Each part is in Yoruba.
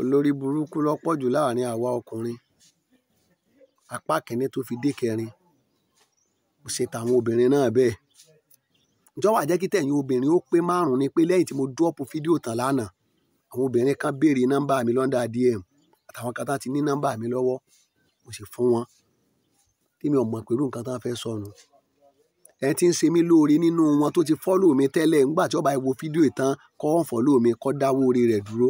olórí burúkú ló pọ̀ jù láàrin àwa ọkùnrin apá kìíní tó fi dé kẹrin kò ṣe tàwọn obìnrin náà bẹ́ẹ̀ ǹjọ́ wà jẹ́ obìnrin ó pé márùn ni pé lẹ́yìn tí mo dúọ́pù fídíò tán lánàá àwọn obìnrin kan béèrè nọ́mbà mi lọ́ndà DM àtàwọn kan tá ti ní nọ́mbà mi lọ́wọ́ mo sì fún wọn tí mi ò mọ̀ pẹ̀lú nǹkan tá a fẹ́ sọnù ẹ ti ń ṣe mí lóore nínú wọn tó ti fọ́lò mi tẹ́lẹ̀ ńgbà tí ó bá fídíò ìtàn kọ́ ń fọ́lò kọ́ dáwó orí rẹ̀ dúró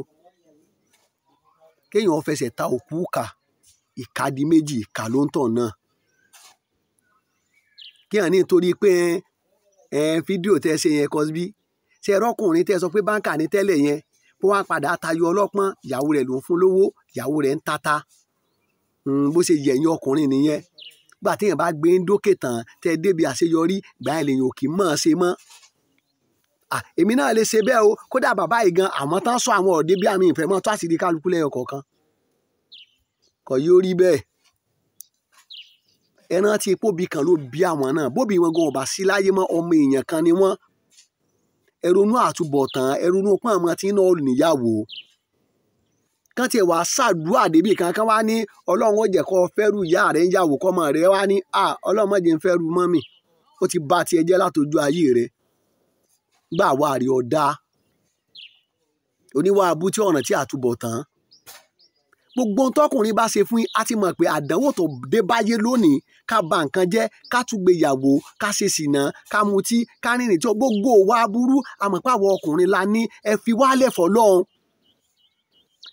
kéèyàn fẹsẹ̀ ta òkú ìkà ìka di méjì ìka ló ń tàn náà kéèyàn ní nítorí pé ẹ fídíò tẹ ṣe yẹn Cosby ṣe ẹ rọkùnrin tẹ sọ pé báńkà ní tẹ́lẹ̀ yẹn kó wá padà tayọ ọlọ́pọ́n ìyàwó rẹ̀ ló ń fún lówó ìyàwó rẹ̀ ń tata hmm, bó ṣe yẹ̀yìn ọkùnrin nìyẹn gbà téèyàn bá gbé ń e dókè tán tẹ débi àṣeyọrí gbà ẹ̀ lèyìn òkì mọ́ ọ ṣe mọ́ èmi náà lè ṣe bẹ́ẹ̀ o kódà bàbá yìí gan àmọ́ tán sọ àwọn ọ̀dẹ́ bí àmì ìfẹ́ mọ́ tó àṣírí kálukú lẹ́yọ kọ̀ọ̀kan kò yóò rí bẹ́ẹ̀ ẹran tí epo bí kan ló bí àwọn náà bóbi wọn gan ọba sí láyé mọ́ ọmọ èèyàn kan ni wọ́n ẹrunú àtúbọ̀tán ẹrunú pọ́n àmọ́ tí ń náà olùníyàwó kán tiẹ̀ wá ṣàdúrà débi kan kán wá ní ọlọ́run ó jẹ́ kó fẹ́rù ìyá rẹ̀ ń yàwó kọ́mọ rẹ̀ wá ní ọlọ́run má jẹ́ ń fẹ́rù mọ́mì ó ti bà tiẹ̀ jẹ́ látọjú ayé rẹ̀ gbà wá rí ọ̀dà oníwà abú tí ọ̀ràn tí àtúbọ̀ tán gbogbo tọkùnrin bá ṣe fún yín a ti mọ̀ pé àdánwò tó dé báyé lónìí ká ba nǹkan jẹ́ ká tún gbéyàwó ká ṣe sìnà ká mutí ká rìnrìn tí ó gbogbo wa burú àmọ́ pàwọ̀ ọkùnrin la ní ẹ fi wálẹ̀ fọlọ́run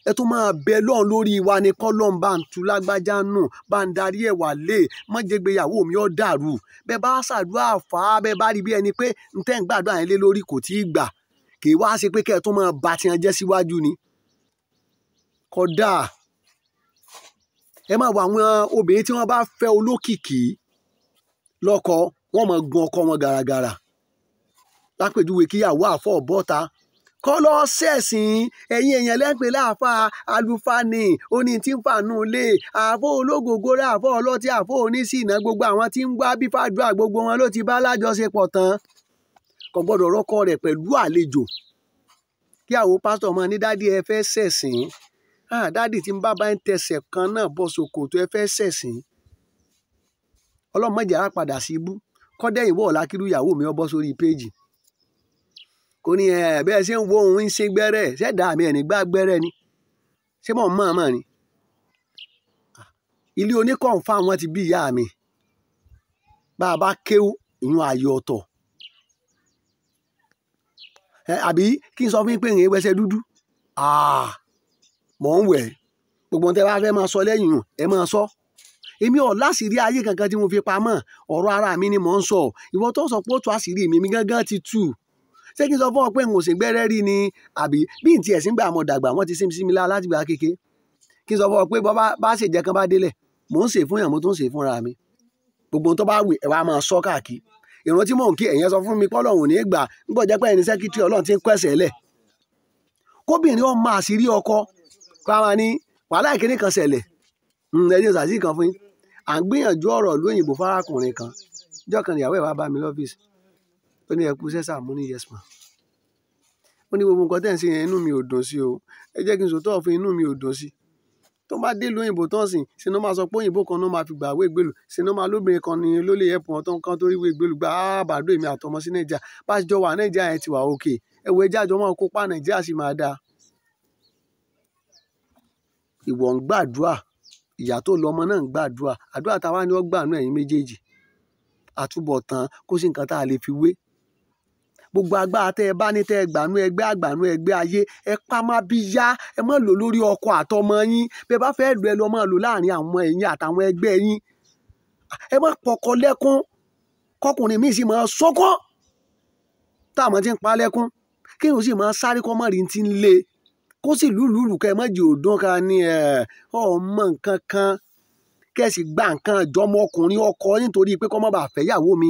ẹ tó máa bẹ lọ́run lórí wa ni kọ́lọ́n bá ń tu lágbájá nù bá ń darí ẹ̀ wà lé má jẹ́ gbéyàwó mi ọ́ dàrú bẹ́ẹ̀ bá ṣàdúrà fà á bẹ́ẹ̀ bá rí bí ẹni pé ntẹ́ ń gbàdúrà yẹn lé lórí kò tí ì gbà kì í wá ṣe pé kẹ́ ẹ tó máa ba tiẹ̀ jẹ́ síwájú ni. kódà ẹ máa wo àwọn obìnrin tí wọ́n bá fẹ́ olókìkí lọ́kọ wọ́n máa gun ọkọ wọn gàràgàrà lápèjúwe kíyàwó àfọ̀ bọ́ta kọ́lọ́sẹ̀sìn ẹ̀yin èèyàn lẹ́pẹ́ láàfa alufani oní tí ń fànú lé àfọ ológógó àfọ ọlọ́tí àfọ oníṣìnà gbogbo àwọn tí ń gbá bífàdúrà gbogbo wọn ló ti bá lájọṣepọ̀ tán kò gbọ́dọ̀ rọ́kọ rẹ̀ pẹ̀lú àlejò kí àwọn pásítọ̀ mọ ní dádì ẹ fẹ́ ṣẹ̀sìn dádì tí ń bá bá ń tẹsẹ̀ kan náà bọ́ ṣòkòtò ẹ fẹ́ ṣẹ̀sìn ọlọ́mọdé ara padà sí ibú kọ́dẹ́yìnbó ọ̀la ìyàwó mi ọ sórí péèjì kò ní ẹ bẹ́ẹ̀ ṣe ń wo òun ṣe gbẹ́rẹ́ ṣẹ̀dá mi ẹ̀ nígbà gbẹ́rẹ́ ni ṣé mọ̀ mọ́ àmọ́ ni ah, ilé oníkọ̀ǹfà wọn ti bí ìyá mi bá a bá kéwú ìyún ààyè ọ̀tọ̀ àbí kí n sọ fún yín pé ìyẹn wẹsẹ̀ dúdú ah, mọ̀ ń wẹ̀ gbogbo ohun bá fẹ́ máa sọ lẹ́yìn ẹ máa sọ èmi ò láṣìírí ayé kankan tí mo fi pamọ́ ọ̀rọ̀ ara mi ni mò ń sọ ìwọ tó sọ pé ó tú àṣírí mi mi gángan ti tú ṣé kí n sọ fún ọ pé n ò sì gbẹ́rẹ́ rí ni àbí bí n tiẹ̀ sí ń gbà mọ̀ dàgbà wọ́n ti sí mi lá láti gbà kéke kí n sọ fún ọ pé bọ́ bá ṣèjẹ́ kan bá délẹ̀ mò ń ṣe fún yàn mo tún ń ṣe fúnra mi gbogbo tó bá wù ẹ wá máa sọ káàkiri ìran tí mò ń kí ẹ̀yẹn sọ fún mi pọ́lọ́hùn ní gbà nígbà jẹ́ pé ẹni sẹ́kítì ọlọ́run ti ń kẹ́sẹ̀ lẹ̀ kóbìnrin ó máa sì rí ọkọ fáwọn ní wàhálà ìkíní kan ṣẹlẹ̀ hmm, ẹni sàṣì kan fún yín à ń gbìyànjú ọ̀rọ̀ lóyìnbó fárakùnrin kan jọ́kan ìyàwó ẹ̀ wá bá mi lọ́fíìsì ó ní ẹ kú iṣẹ́ sà mo ní yes ma ó ní gbogbo nǹkan tẹ̀ ń ṣe yẹn inú mi ò dùn sí o ẹ jẹ́ kí n sòótọ́ fún inú mi ò dùn sí tó bá dé lóyìnbó tán sìn ṣe ni wọ́n máa sọ pé òyìnbó kan ló máa fi gbà wé ìgbèlú ṣe ni wọ́n máa lóbìnrin kan ní ló lè ẹ̀pọ̀n tó ń kan torí wé ìgbèlú gba àbàdo èmi àtọmọ sí nàìjíríà bá a jọ wà nàìjíríà yẹn ti wà òkè ẹ̀wọ̀ ẹjẹ́ àjọ máa kópa nàìjíríà sì máa dáa. ìwọ ń gbàdúrà ìyá tó lọ ọmọ náà ń gbàdúrà àdúrà táwa ni wọ́n gbà nú ẹ̀yin méjèèjì àtúbọ̀tán kó sì nǹkan tá a lè fi wé gbogbo agbára tẹ́ ẹ bá ní tẹ́ ẹ gbànú ẹgbẹ́ àgbànú ẹgbẹ́ ayé ẹ pa má bí yá ẹ má lò lórí ọkọ àtọmọ yín bẹ́ẹ̀ bá fẹ́ lò ẹ lọ máa lò láàrin àwọn ẹ̀yin àtàwọn ẹgbẹ́ yín ẹ má pọkọ lẹ́kún kọkùnrin míì sì máa sọ́kọ́ táwọn ti ń pa lẹ́kún kí n sì máa sáré kọ́ mọ́rin ti ń le kó sì lùlùlù kẹ́ ẹ má jẹ́ òdùn kan ní ọmọ nǹkan kan kẹ́ ẹ sì gba nǹkan ìjọmọkùnrin ọkọ nítorí pé kọ́ mọ́ bàa fẹ́yàwó mi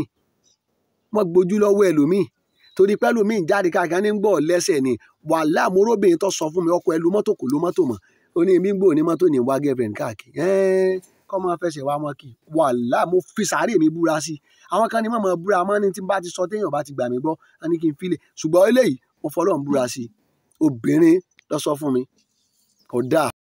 wọ́n gbójú lọ́wọ́ ẹlòmíì torí pẹ́lú mi ń jáde káàkiri ní ń gbọ́ lẹ́sẹ̀ ni wàhálà amúróbìnrin tó sọ fún mi ọkọ ẹ lu mọ́tò kò lu mọ́tò mọ́ ó ní mi ń gbọ́ ní mọ́tò ní wá girlfriend káàkiri ẹ́ẹ́ kọ́ máa fẹsẹ̀ wá mọ́ kì í wàhálà mo fi sàárè mi búra sí i àwọn kan ní mọ̀ mọ́ búra mọ́ ní tí n bá ti sọ téèyàn bá ti gbà mí gbọ́ á ní kí n filẹ̀ ṣùgbọ́n eléyìí mo fọlọ́run